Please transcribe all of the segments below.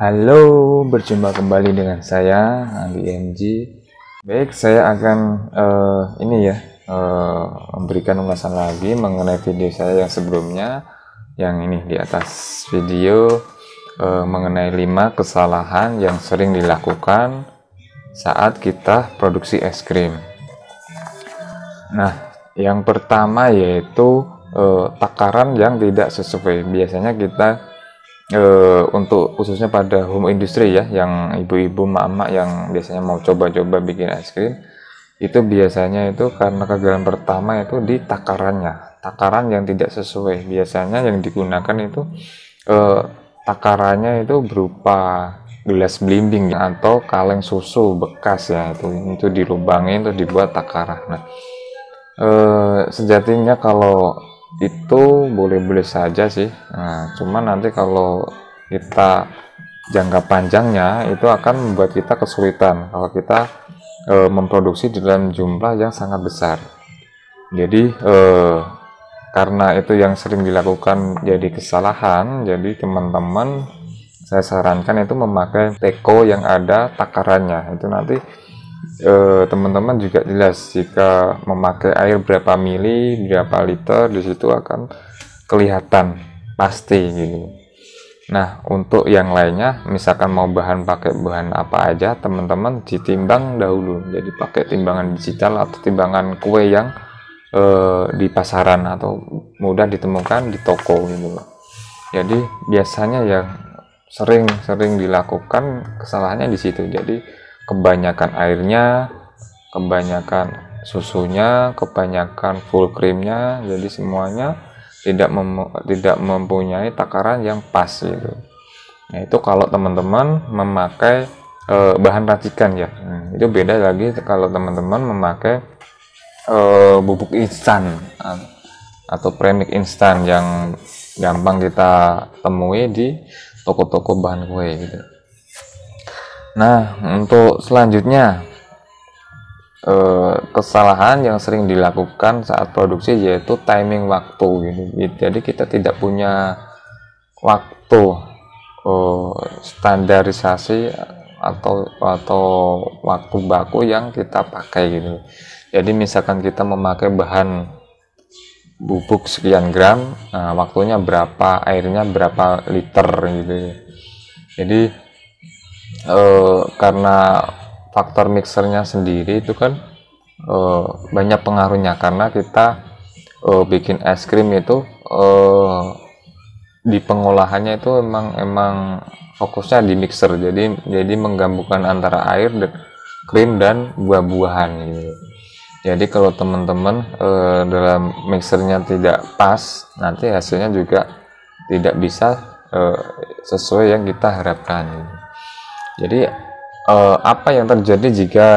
Halo, berjumpa kembali dengan saya Andi MG. Baik, saya akan uh, ini ya uh, memberikan ulasan lagi mengenai video saya yang sebelumnya, yang ini di atas video uh, mengenai 5 kesalahan yang sering dilakukan saat kita produksi es krim. Nah, yang pertama yaitu uh, takaran yang tidak sesuai. Biasanya kita uh, untuk khususnya pada home industry ya yang ibu-ibu mama yang biasanya mau coba-coba bikin es krim itu biasanya itu karena kegagalan pertama itu di takarannya takaran yang tidak sesuai biasanya yang digunakan itu eh, takarannya itu berupa gelas blimbing atau kaleng susu bekas ya itu itu dilubangin itu dibuat takaran nah eh, sejatinya kalau itu boleh-boleh saja sih nah, cuman nanti kalau kita jangka panjangnya itu akan membuat kita kesulitan kalau kita e, memproduksi dalam jumlah yang sangat besar jadi e, karena itu yang sering dilakukan jadi kesalahan jadi teman-teman saya sarankan itu memakai teko yang ada takarannya itu nanti Eh, teman-teman eh, juga jelas jika memakai air berapa mili, berapa liter disitu akan kelihatan pasti gitu. Nah, untuk yang lainnya, misalkan mau bahan pakai bahan apa aja, teman-teman ditimbang dahulu. Jadi pakai timbangan digital atau timbangan kue yang eh, di pasaran atau mudah ditemukan di toko gitu Jadi biasanya yang sering-sering dilakukan kesalahannya di situ. Jadi kebanyakan airnya kebanyakan susunya kebanyakan full creamnya jadi semuanya tidak mem tidak mempunyai takaran yang pas gitu nah itu kalau teman-teman memakai e, bahan racikan ya hmm, itu beda lagi kalau teman-teman memakai e, bubuk instan atau premix instan yang gampang kita temui di toko-toko bahan kue gitu Nah, untuk selanjutnya eh, kesalahan yang sering dilakukan saat produksi yaitu timing waktu gitu. Jadi kita tidak punya waktu eh, standarisasi atau atau waktu baku yang kita pakai gitu. Jadi misalkan kita memakai bahan bubuk sekian gram, nah, waktunya berapa, airnya berapa liter gitu. Ya. Jadi uh, karena faktor mixernya sendiri itu kan uh, banyak pengaruhnya karena kita uh, bikin es krim itu uh, di pengolahannya itu emang emang fokusnya di mixer jadi jadi menggabungkan antara air dan krim dan buah-buahan gitu. Jadi kalau teman-teman e, dalam mixernya tidak pas, nanti hasilnya juga tidak bisa e, sesuai yang kita harapkan. Gitu jadi eh, apa yang terjadi jika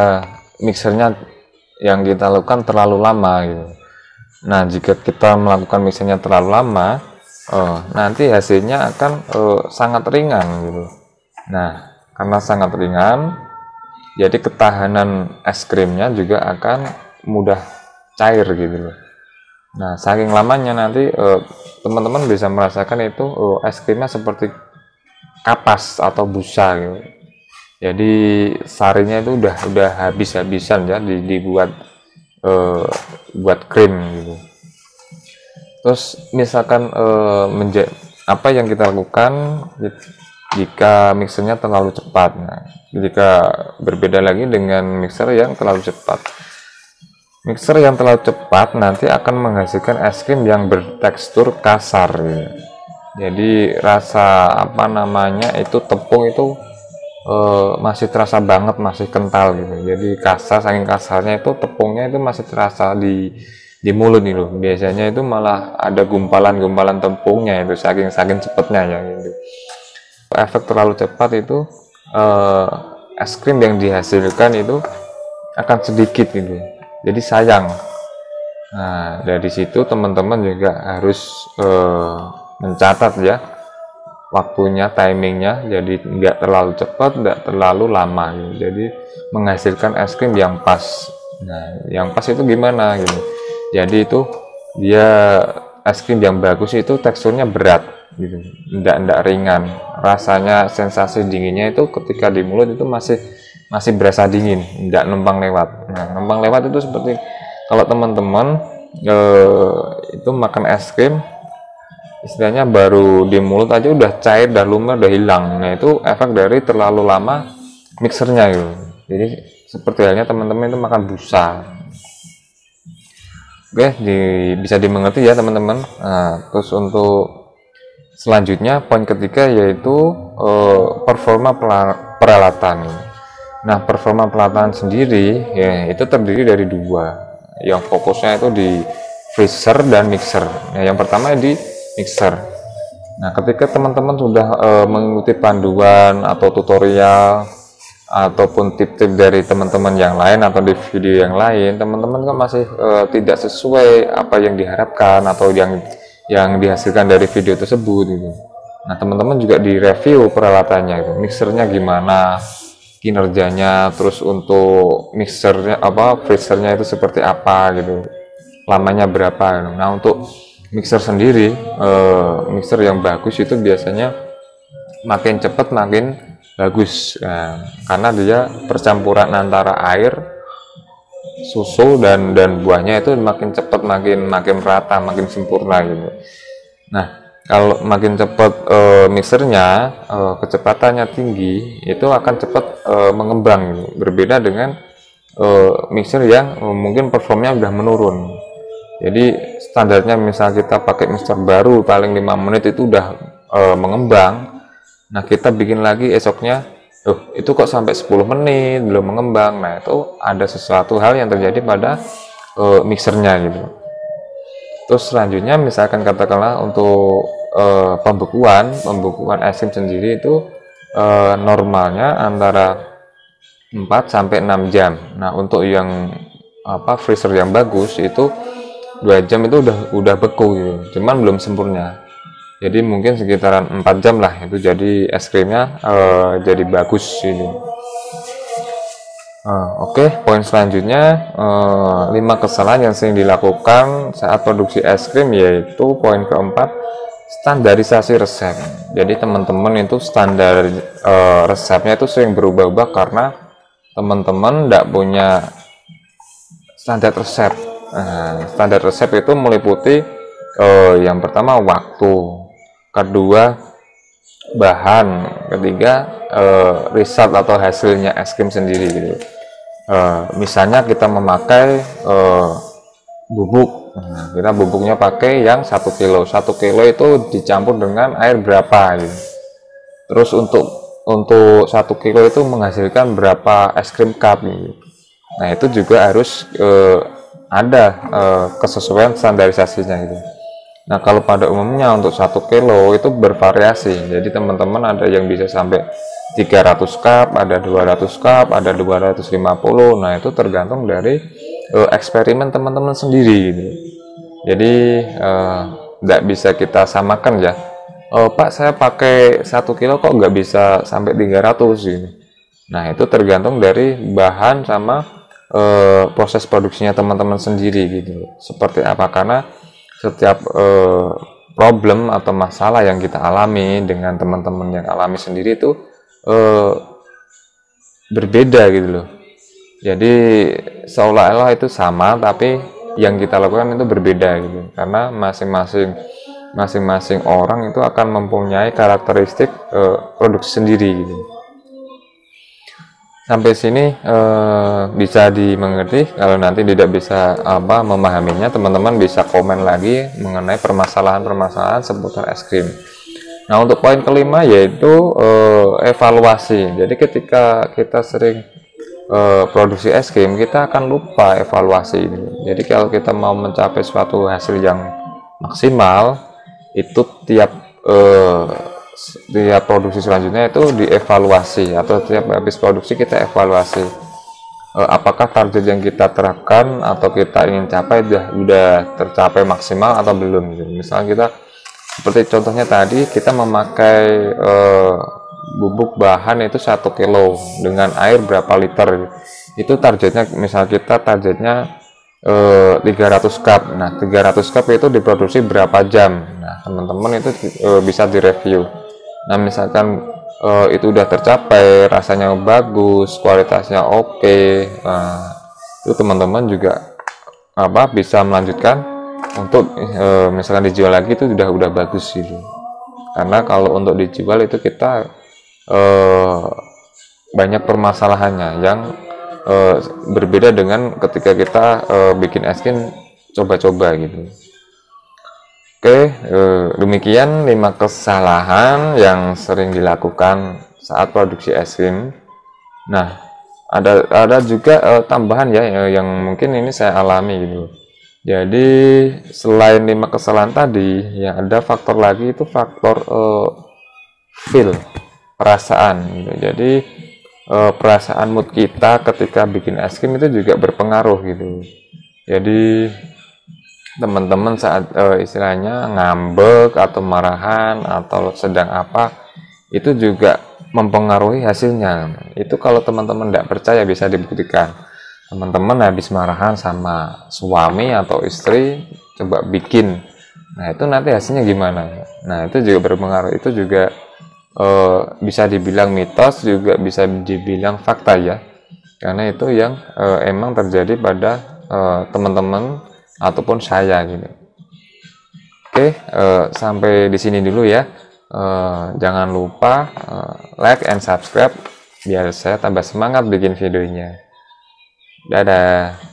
mixernya yang kita lakukan terlalu lama gitu nah jika kita melakukan mixernya terlalu lama eh, nanti hasilnya akan eh, sangat ringan gitu nah karena sangat ringan jadi ketahanan es krimnya juga akan mudah cair gitu loh Nah, saking lamanya nanti eh, teman-teman eh, bisa merasakan itu eh, es krimnya seperti kapas atau busa gitu jadi sarinya itu udah udah habis-habisan ya dibuat eh, buat krim gitu terus misalkan eh, menje apa yang kita lakukan jika mixernya terlalu cepat nah, jika berbeda lagi dengan mixer yang terlalu cepat mixer yang terlalu cepat nanti akan menghasilkan es krim yang bertekstur kasar ya. jadi rasa apa namanya itu tepung itu uh, masih terasa banget masih kental gitu jadi kasar saking kasarnya itu tepungnya itu masih terasa di di mulut nih loh biasanya itu malah ada gumpalan-gumpalan tepungnya itu saking saking cepetnya ya gitu efek terlalu cepat itu uh, es krim yang dihasilkan itu akan sedikit gitu jadi sayang nah dari situ teman-teman juga harus uh, mencatat ya waktunya, timingnya, jadi nggak terlalu cepat, nggak terlalu lama. Gitu. Jadi menghasilkan es krim yang pas. Nah, yang pas itu gimana? Gitu. Jadi itu dia es krim yang bagus itu teksturnya berat, gitu. nggak nggak ringan. Rasanya sensasi dinginnya itu ketika di mulut itu masih masih berasa dingin, nggak numpang lewat. Nah, numpang lewat itu seperti kalau teman-teman eh, itu makan es krim istilahnya baru di mulut aja udah cair, udah lumer, udah hilang. Nah itu efek dari terlalu lama mixernya gitu. Jadi seperti halnya teman-teman itu makan busa. Oke, di, bisa dimengerti ya teman-teman. Nah, terus untuk selanjutnya poin ketiga yaitu eh, performa peralatan. Nah, performa peralatan sendiri ya itu terdiri dari dua. Yang fokusnya itu di freezer dan mixer. Nah, yang pertama di mixer. Nah, ketika teman-teman sudah e, mengikuti panduan atau tutorial ataupun tip-tip dari teman-teman yang lain atau di video yang lain, teman-teman kan masih e, tidak sesuai apa yang diharapkan atau yang yang dihasilkan dari video tersebut gitu. Nah, teman-teman juga di review peralatannya itu, mixernya gimana, kinerjanya, terus untuk mixernya apa, freezernya itu seperti apa gitu, lamanya berapa gitu. Nah, untuk mixer sendiri uh, mixer yang bagus itu biasanya makin cepat makin bagus nah, karena dia percampuran antara air susu dan dan buahnya itu makin cepat makin makin rata makin sempurna gitu nah kalau makin cepat e, eh, mixernya e, kecepatannya tinggi itu akan cepat e, mengembang gitu. berbeda dengan e, mixer yang mungkin performnya sudah menurun jadi standarnya misal kita pakai mixer baru paling 5 menit itu udah e, mengembang nah kita bikin lagi esoknya Duh, itu kok sampai 10 menit belum mengembang nah itu ada sesuatu hal yang terjadi pada e, mixernya gitu terus selanjutnya misalkan katakanlah untuk e, pembekuan pembekuan es krim sendiri itu e, normalnya antara 4 sampai 6 jam nah untuk yang apa freezer yang bagus itu dua jam itu udah udah beku gitu cuman belum sempurna jadi mungkin sekitaran empat jam lah itu jadi es krimnya uh, jadi bagus ini. uh, Oke, okay. poin selanjutnya eh, lima 5 kesalahan yang sering dilakukan saat produksi es krim yaitu poin keempat standarisasi resep. Jadi teman-teman itu standar uh, resepnya itu sering berubah-ubah karena teman-teman tidak punya standar resep. Nah, standar resep itu meliputi eh, yang pertama waktu, kedua bahan, ketiga eh, riset atau hasilnya es krim sendiri gitu. Eh, misalnya kita memakai eh, bubuk, nah, kita bubuknya pakai yang satu kilo, satu kilo itu dicampur dengan air berapa gitu. Terus untuk untuk satu kilo itu menghasilkan berapa es krim cup gitu. Nah itu juga harus eh, ada eh, kesesuaian standarisasinya gitu. Nah kalau pada umumnya untuk satu kilo itu bervariasi. Jadi teman-teman ada yang bisa sampai 300 cup, ada 200 cup, ada 250. Nah itu tergantung dari eh, eksperimen teman-teman sendiri gitu. Jadi tidak eh, bisa kita samakan ya. Oh, Pak saya pakai satu kilo kok nggak bisa sampai 300 ini. Gitu. Nah itu tergantung dari bahan sama uh, proses produksinya teman-teman sendiri gitu seperti apa karena setiap uh, problem atau masalah yang kita alami dengan teman-teman yang alami sendiri itu uh, berbeda gitu loh jadi seolah-olah itu sama tapi yang kita lakukan itu berbeda gitu karena masing-masing masing-masing orang itu akan mempunyai karakteristik uh, produksi sendiri gitu sampai sini uh, bisa dimengerti kalau nanti tidak bisa apa memahaminya teman-teman bisa komen lagi mengenai permasalahan-permasalahan seputar es krim nah untuk poin kelima yaitu uh, evaluasi jadi ketika kita sering eh, produksi es krim kita akan lupa evaluasi ini jadi kalau kita mau mencapai suatu hasil yang maksimal itu tiap setiap produksi selanjutnya itu dievaluasi atau setiap habis produksi kita evaluasi eh, apakah target yang kita terapkan atau kita ingin capai sudah sudah tercapai maksimal atau belum gitu. misalnya kita seperti contohnya tadi kita memakai eh, bubuk bahan itu satu kilo dengan air berapa liter itu targetnya misal kita targetnya 300 eh, cup. Nah, 300 cup itu diproduksi berapa jam? Nah, teman-teman itu uh, bisa direview. Nah, misalkan uh, itu udah tercapai, rasanya bagus, kualitasnya oke, okay, nah, itu teman-teman juga apa bisa melanjutkan untuk uh, misalkan dijual lagi itu sudah udah bagus gitu. Karena kalau untuk dijual itu kita uh, banyak permasalahannya yang Eh, berbeda dengan ketika kita uh, bikin eskin coba-coba gitu oke uh, demikian 5 kesalahan yang sering dilakukan saat produksi eskin nah ada ada juga uh, tambahan ya yang mungkin ini saya alami gitu jadi selain lima kesalahan tadi ya ada faktor lagi itu faktor uh, feel perasaan gitu. jadi uh, perasaan mood kita ketika bikin es krim itu juga berpengaruh gitu jadi teman-teman saat uh, istilahnya ngambek atau marahan atau sedang apa itu juga mempengaruhi hasilnya itu kalau teman-teman tidak percaya bisa dibuktikan teman-teman habis marahan sama suami atau istri coba bikin nah itu nanti hasilnya gimana nah itu juga berpengaruh itu juga uh, bisa dibilang mitos juga bisa dibilang fakta ya karena itu yang uh, emang terjadi pada eh, teman-teman ataupun saya gitu oke sampai di sini dulu ya uh, jangan lupa uh, like and subscribe biar saya tambah semangat bikin videonya dadah